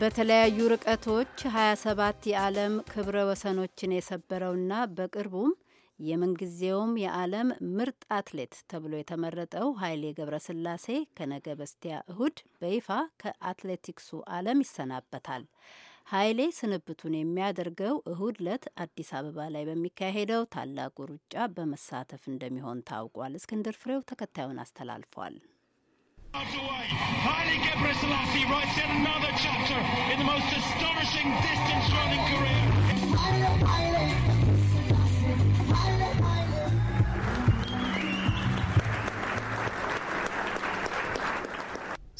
በተለያዩ ርቀቶች 27 የዓለም ክብረ ወሰኖችን የሰበረውና በቅርቡም የምንጊዜውም የዓለም ምርጥ አትሌት ተብሎ የተመረጠው ኃይሌ ገብረስላሴ ከነገ በስቲያ እሁድ በይፋ ከአትሌቲክሱ ዓለም ይሰናበታል። ኃይሌ ስንብቱን የሚያደርገው እሁድ ለት አዲስ አበባ ላይ በሚካሄደው ታላቁ ሩጫ በመሳተፍ እንደሚሆን ታውቋል። እስክንድር ፍሬው ተከታዩን አስተላልፏል። ኃይሌ ገብረ writes yet another chapter in the most astonishing distance running career.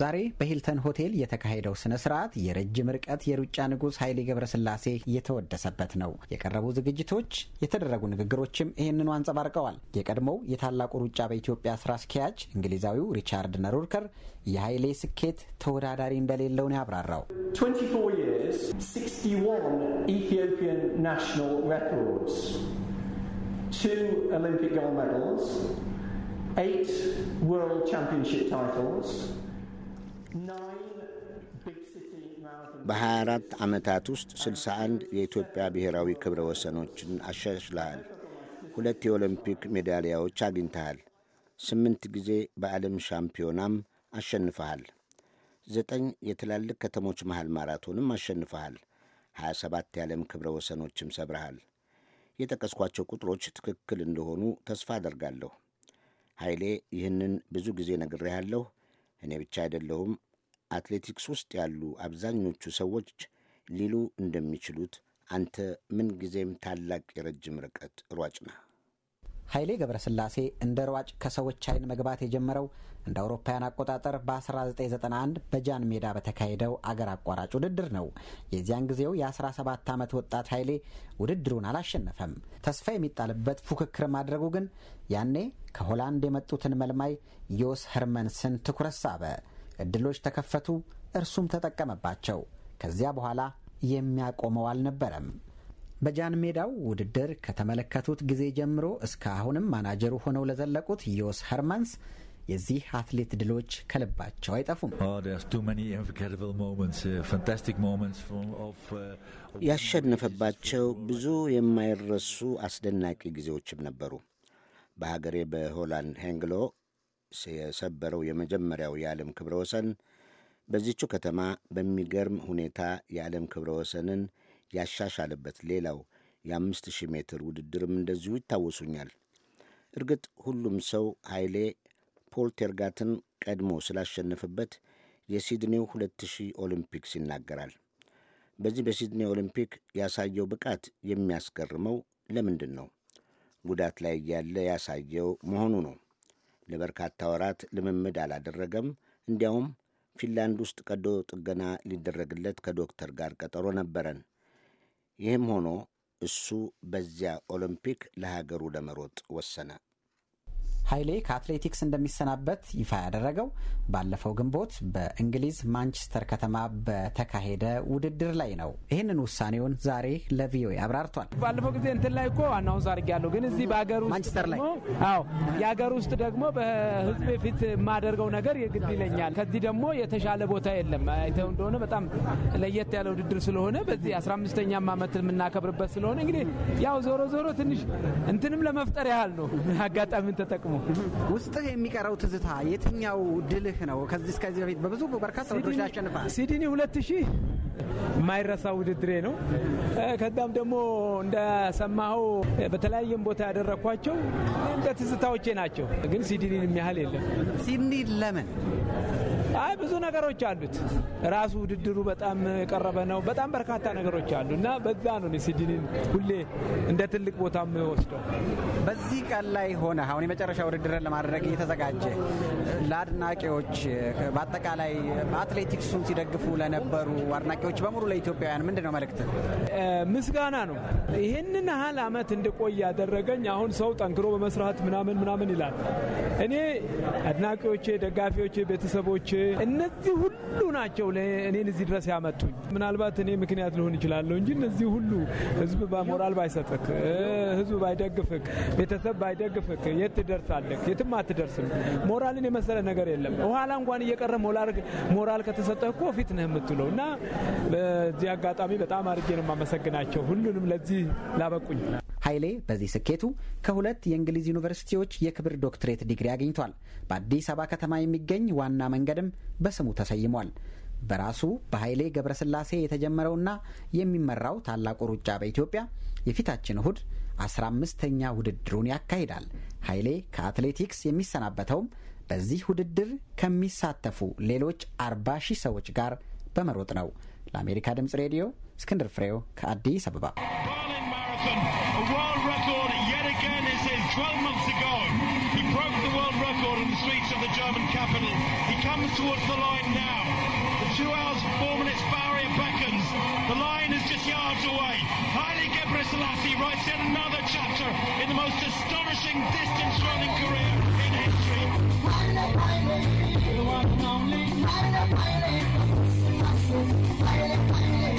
ዛሬ በሂልተን ሆቴል የተካሄደው ስነ ስርዓት የረጅም ርቀት የሩጫ ንጉሥ ኃይሌ ገብረስላሴ የተወደሰበት ነው። የቀረቡ ዝግጅቶች፣ የተደረጉ ንግግሮችም ይህንኑ አንጸባርቀዋል። የቀድሞው የታላቁ ሩጫ በኢትዮጵያ ስራ አስኪያጅ እንግሊዛዊው ሪቻርድ ነሩርከር የኃይሌ ስኬት ተወዳዳሪ እንደሌለውን ነው ያብራራው። Two Olympic gold medals, eight world championship titles, በ24 ዓመታት ውስጥ 61 የኢትዮጵያ ብሔራዊ ክብረ ወሰኖችን አሻሽለሃል። ሁለት የኦሎምፒክ ሜዳሊያዎች አግኝተሃል። ስምንት ጊዜ በዓለም ሻምፒዮናም አሸንፈሃል። ዘጠኝ የትላልቅ ከተሞች መሃል ማራቶንም አሸንፈሃል። 27 የዓለም ክብረ ወሰኖችም ሰብረሃል። የጠቀስኳቸው ቁጥሮች ትክክል እንደሆኑ ተስፋ አደርጋለሁ። ኃይሌ፣ ይህንን ብዙ ጊዜ ነግሬሃለሁ። እኔ ብቻ አይደለሁም፣ አትሌቲክስ ውስጥ ያሉ አብዛኞቹ ሰዎች ሊሉ እንደሚችሉት አንተ ምንጊዜም ታላቅ የረጅም ርቀት ሯጭ ነህ። ኃይሌ ገብረስላሴ እንደ ሯጭ ከሰዎች አይን መግባት የጀመረው እንደ አውሮፓውያን አቆጣጠር በ1991 በጃን ሜዳ በተካሄደው አገር አቋራጭ ውድድር ነው። የዚያን ጊዜው የ17 ዓመት ወጣት ኃይሌ ውድድሩን አላሸነፈም። ተስፋ የሚጣልበት ፉክክር ማድረጉ ግን ያኔ ከሆላንድ የመጡትን መልማይ ዮስ ህርመንስን ትኩረት ሳበ። እድሎች ተከፈቱ፣ እርሱም ተጠቀመባቸው። ከዚያ በኋላ የሚያቆመው አልነበረም። በጃን ሜዳው ውድድር ከተመለከቱት ጊዜ ጀምሮ እስካሁንም ማናጀሩ ሆነው ለዘለቁት ዮስ ሀርማንስ የዚህ አትሌት ድሎች ከልባቸው አይጠፉም። oh, uh, uh, ያሸነፈባቸው ብዙ የማይረሱ አስደናቂ ጊዜዎችም ነበሩ። በሀገሬ በሆላንድ ሄንግሎ የሰበረው የመጀመሪያው የዓለም ክብረ ወሰን በዚቹ ከተማ በሚገርም ሁኔታ የዓለም ክብረ ወሰንን ያሻሻለበት ሌላው የአምስት ሺህ ሜትር ውድድርም እንደዚሁ ይታወሱኛል። እርግጥ ሁሉም ሰው ኃይሌ ፖልቴርጋትን ቀድሞ ስላሸነፈበት የሲድኒው 2000 ኦሊምፒክስ ይናገራል። በዚህ በሲድኒ ኦሊምፒክ ያሳየው ብቃት የሚያስገርመው ለምንድን ነው? ጉዳት ላይ እያለ ያሳየው መሆኑ ነው። ለበርካታ ወራት ልምምድ አላደረገም። እንዲያውም ፊንላንድ ውስጥ ቀዶ ጥገና ሊደረግለት ከዶክተር ጋር ቀጠሮ ነበረን። ይህም ሆኖ እሱ በዚያ ኦሎምፒክ ለሀገሩ ለመሮጥ ወሰነ። ኃይሌ ከአትሌቲክስ እንደሚሰናበት ይፋ ያደረገው ባለፈው ግንቦት በእንግሊዝ ማንቸስተር ከተማ በተካሄደ ውድድር ላይ ነው። ይህንን ውሳኔውን ዛሬ ለቪኦኤ አብራርቷል። ባለፈው ጊዜ እንትን ላይ እኮ አናውንስ አድርጌያለሁ፣ ግን እዚህ በሀገር ውስጥ ማንቸስተር ላይ አዎ፣ የሀገር ውስጥ ደግሞ በህዝብ ፊት የማደርገው ነገር የግድ ይለኛል። ከዚህ ደግሞ የተሻለ ቦታ የለም። አይተው እንደሆነ በጣም ለየት ያለ ውድድር ስለሆነ በዚህ አስራ አምስተኛም ዓመት የምናከብርበት ስለሆነ እንግዲህ ያው ዞሮ ዞሮ ትንሽ እንትንም ለመፍጠር ያህል ነው አጋጣሚን ተጠቅሞ ውስጥህ የሚቀረው ትዝታ የትኛው ድልህ ነው? ከዚህ እስከዚህ በፊት በብዙ በርካታ ውድድሮች አሸንፈሃል። ሲድኒ ሁለት ሺህ የማይረሳ ውድድሬ ነው። ከዛም ደግሞ እንደሰማኸው በተለያየም ቦታ ያደረግኳቸው እንደ ትዝታዎቼ ናቸው። ግን ሲድኒን የሚያህል የለም። ሲድኒ ለምን አይ ብዙ ነገሮች አሉት። ራሱ ውድድሩ በጣም የቀረበ ነው። በጣም በርካታ ነገሮች አሉ እና በዛ ነው ሲድኒን ሁሌ እንደ ትልቅ ቦታ ወስደው። በዚህ ቀን ላይ ሆነ አሁን የመጨረሻ ውድድርን ለማድረግ እየተዘጋጀ ለአድናቂዎች በአጠቃላይ አትሌቲክሱን ሲደግፉ ለነበሩ አድናቂዎች በሙሉ ለኢትዮጵያውያን ምንድን ነው መልእክት? ምስጋና ነው። ይህንን ያህል አመት እንድቆይ ያደረገኝ አሁን ሰው ጠንክሮ በመስራት ምናምን ምናምን ይላል። እኔ አድናቂዎቼ፣ ደጋፊዎቼ፣ ቤተሰቦቼ እነዚህ ሁሉ ናቸው እኔን እዚህ ድረስ ያመጡኝ። ምናልባት እኔ ምክንያት ልሆን ይችላለሁ እንጂ እነዚህ ሁሉ ህዝብ በሞራል ባይሰጥክ፣ ህዝብ ባይደግፍክ፣ ቤተሰብ ባይደግፍክ የት ትደርሳለህ? የትም አትደርስም። ሞራልን የመሰለ ነገር የለም። ኋላ እንኳን እየቀረ ሞራል ከተሰጠህ እኮ ፊት ነህ የምትለው እና በዚህ አጋጣሚ በጣም አድርጌ ነው የማመሰግናቸው ሁሉንም ለዚህ ላበቁኝ። ኃይሌ በዚህ ስኬቱ ከሁለት የእንግሊዝ ዩኒቨርሲቲዎች የክብር ዶክትሬት ዲግሪ አግኝቷል። በአዲስ አበባ ከተማ የሚገኝ ዋና መንገድም በስሙ ተሰይሟል። በራሱ በኃይሌ ገብረስላሴ የተጀመረውና የሚመራው ታላቁ ሩጫ በኢትዮጵያ የፊታችን እሁድ አስራ አምስተኛ ውድድሩን ያካሂዳል። ኃይሌ ከአትሌቲክስ የሚሰናበተውም በዚህ ውድድር ከሚሳተፉ ሌሎች አርባ ሺህ ሰዎች ጋር በመሮጥ ነው። ለአሜሪካ ድምፅ ሬዲዮ እስክንድር ፍሬው ከአዲስ አበባ a world record yet again. is his. 12 months ago. He broke the world record in the streets of the German capital. He comes towards the line now. The two hours, four minutes barrier beckons. The line is just yards away. Haile Gebrselassie writes yet another chapter in the most astonishing distance running career in history. The one and only.